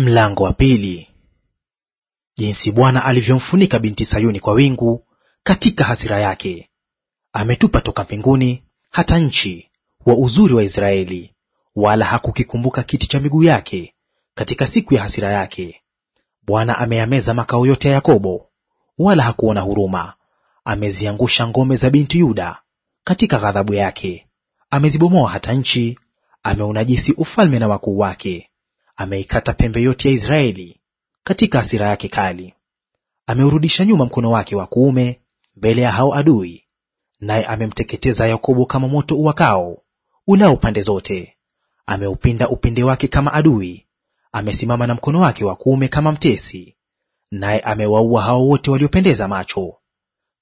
Mlango wa pili. Jinsi Bwana alivyomfunika binti Sayuni kwa wingu katika hasira yake, ametupa toka mbinguni hata nchi wa uzuri wa Israeli, wala hakukikumbuka kiti cha miguu yake katika siku ya hasira yake. Bwana ameyameza makao yote ya Yakobo, wala hakuona huruma. Ameziangusha ngome za binti Yuda katika ghadhabu yake, amezibomoa hata nchi, ameunajisi ufalme na wakuu wake ameikata pembe yote ya Israeli katika hasira yake kali. Ameurudisha nyuma mkono wake wa kuume mbele ya hao adui, naye amemteketeza Yakobo kama moto uwakao ulao pande zote. Ameupinda upinde wake kama adui, amesimama na mkono wake wa kuume kama mtesi, naye amewaua hao wote waliopendeza macho.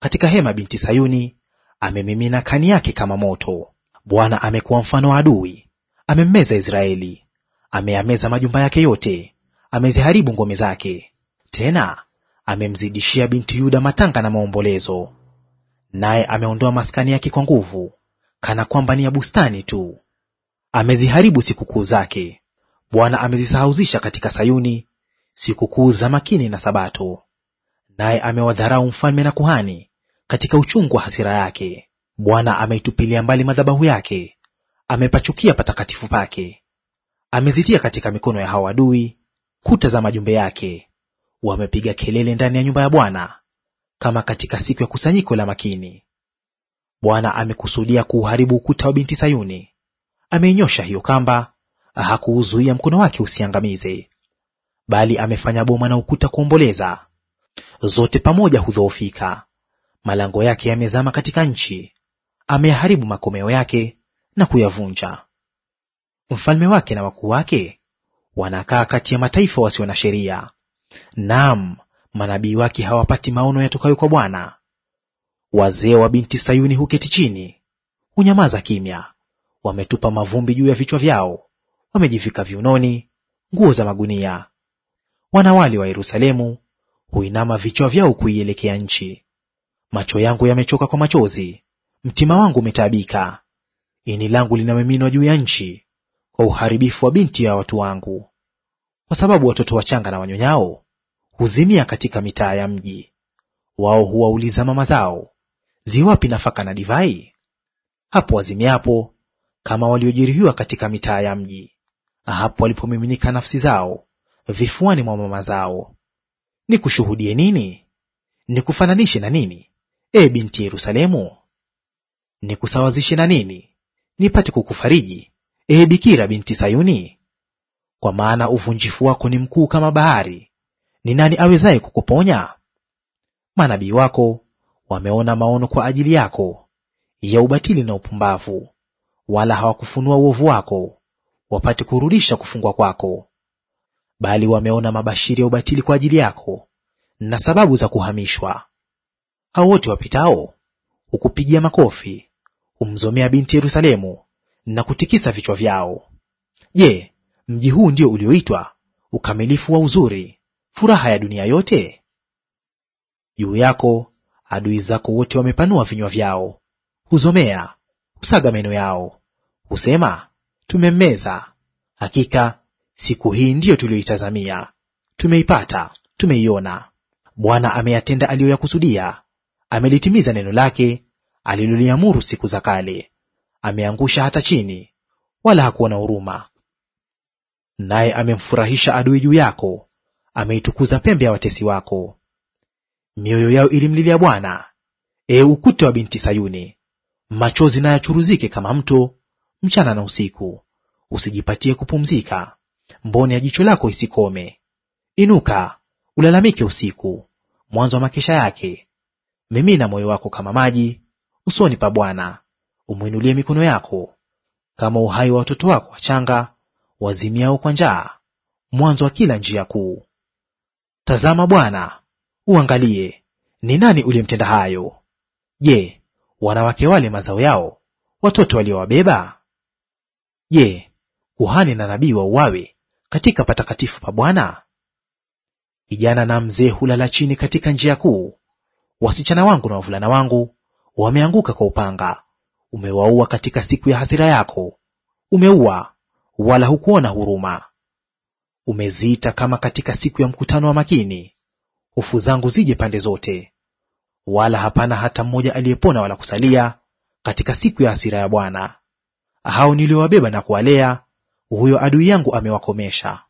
Katika hema binti Sayuni amemimina kani yake kama moto. Bwana amekuwa mfano wa adui, amemmeza Israeli ameyameza majumba yake yote, ameziharibu ngome zake. Tena amemzidishia binti Yuda matanga na maombolezo. Naye ameondoa maskani yake kwa nguvu, kana kwamba ni ya bustani tu. Ameziharibu sikukuu zake. Bwana amezisahauzisha katika Sayuni sikukuu za makini na Sabato. Naye amewadharau mfalme na kuhani katika uchungu wa hasira yake. Bwana ameitupilia mbali madhabahu yake, amepachukia patakatifu pake. Amezitia katika mikono ya hawa adui kuta za majumbe yake. Wamepiga kelele ndani ya nyumba ya Bwana kama katika siku ya kusanyiko la makini. Bwana amekusudia kuuharibu ukuta wa binti Sayuni, ameinyosha hiyo kamba, hakuuzuia mkono wake usiangamize. Bali amefanya boma na ukuta kuomboleza, zote pamoja hudhoofika. Malango yake yamezama katika nchi, ameyaharibu makomeo yake na kuyavunja. Mfalme wake na wakuu wake wanakaa kati ya mataifa wasio na sheria; naam, manabii wake hawapati maono yatokayo kwa Bwana. Wazee wa binti Sayuni huketi chini, hunyamaza kimya, wametupa mavumbi juu ya vichwa vyao, wamejivika viunoni nguo za magunia. Wanawali wa Yerusalemu huinama vichwa vyao kuielekea nchi. Macho yangu yamechoka kwa machozi, mtima wangu umetaabika, ini langu linamiminwa juu ya nchi, kwa uharibifu wa binti ya watu wangu, kwa sababu watoto wachanga na wanyonyao huzimia katika mitaa ya mji. Wao huwauliza mama zao, ziwapi nafaka na divai? Hapo wazimiapo kama waliojeruhiwa katika mitaa ya mji, hapo walipomiminika nafsi zao vifuani mwa mama zao. Nikushuhudie nini? Nikufananishe na nini, e binti Yerusalemu? Nikusawazishe na nini nipate kukufariji, ee Bikira binti Sayuni? Kwa maana uvunjifu wako ni mkuu kama bahari, ni nani awezaye kukuponya? Manabii wako wameona maono kwa ajili yako ya ubatili na upumbavu, wala hawakufunua uovu wako, wapate kurudisha kufungwa kwako; bali wameona mabashiri ya ubatili kwa ajili yako na sababu za kuhamishwa. Hao wote wapitao hukupigia makofi, humzomea binti Yerusalemu na kutikisa vichwa vyao. Je, mji huu ndio ulioitwa ukamilifu wa uzuri, furaha ya dunia yote? Juu yako adui zako wote wamepanua vinywa vyao, huzomea, husaga meno yao, husema, tumemmeza. Hakika siku hii ndiyo tuliyoitazamia, tumeipata, tumeiona. Bwana ameyatenda aliyoyakusudia, amelitimiza neno lake aliloliamuru siku za kale ameangusha hata chini, wala hakuona huruma. Naye amemfurahisha adui juu yako, ameitukuza pembe ya watesi wako. Mioyo yao ilimlilia Bwana, e ukute wa binti Sayuni. Machozi na yachuruzike kama mto mchana na usiku, usijipatie kupumzika, mboni ya jicho lako isikome. Inuka ulalamike usiku, mwanzo wa makesha yake. Mimina moyo wako kama maji usoni pa Bwana, umwinulie mikono yako, kama uhai wa watoto wako wachanga wazimiao kwa njaa, mwanzo wa kila njia kuu. Tazama Bwana, uangalie ni nani uliyemtenda hayo. Je, wanawake wale mazao yao watoto waliowabeba? Je, kuhani na nabii uwawe katika patakatifu pa Bwana? Kijana na mzee hulala chini katika njia kuu, wasichana wangu na wavulana wangu wameanguka kwa upanga. Umewaua katika siku ya hasira yako, umeua wala hukuona huruma. Umeziita kama katika siku ya mkutano wa makini, hofu zangu zije pande zote, wala hapana hata mmoja aliyepona wala kusalia katika siku ya hasira ya Bwana. Hao niliowabeba na kuwalea, huyo adui yangu amewakomesha.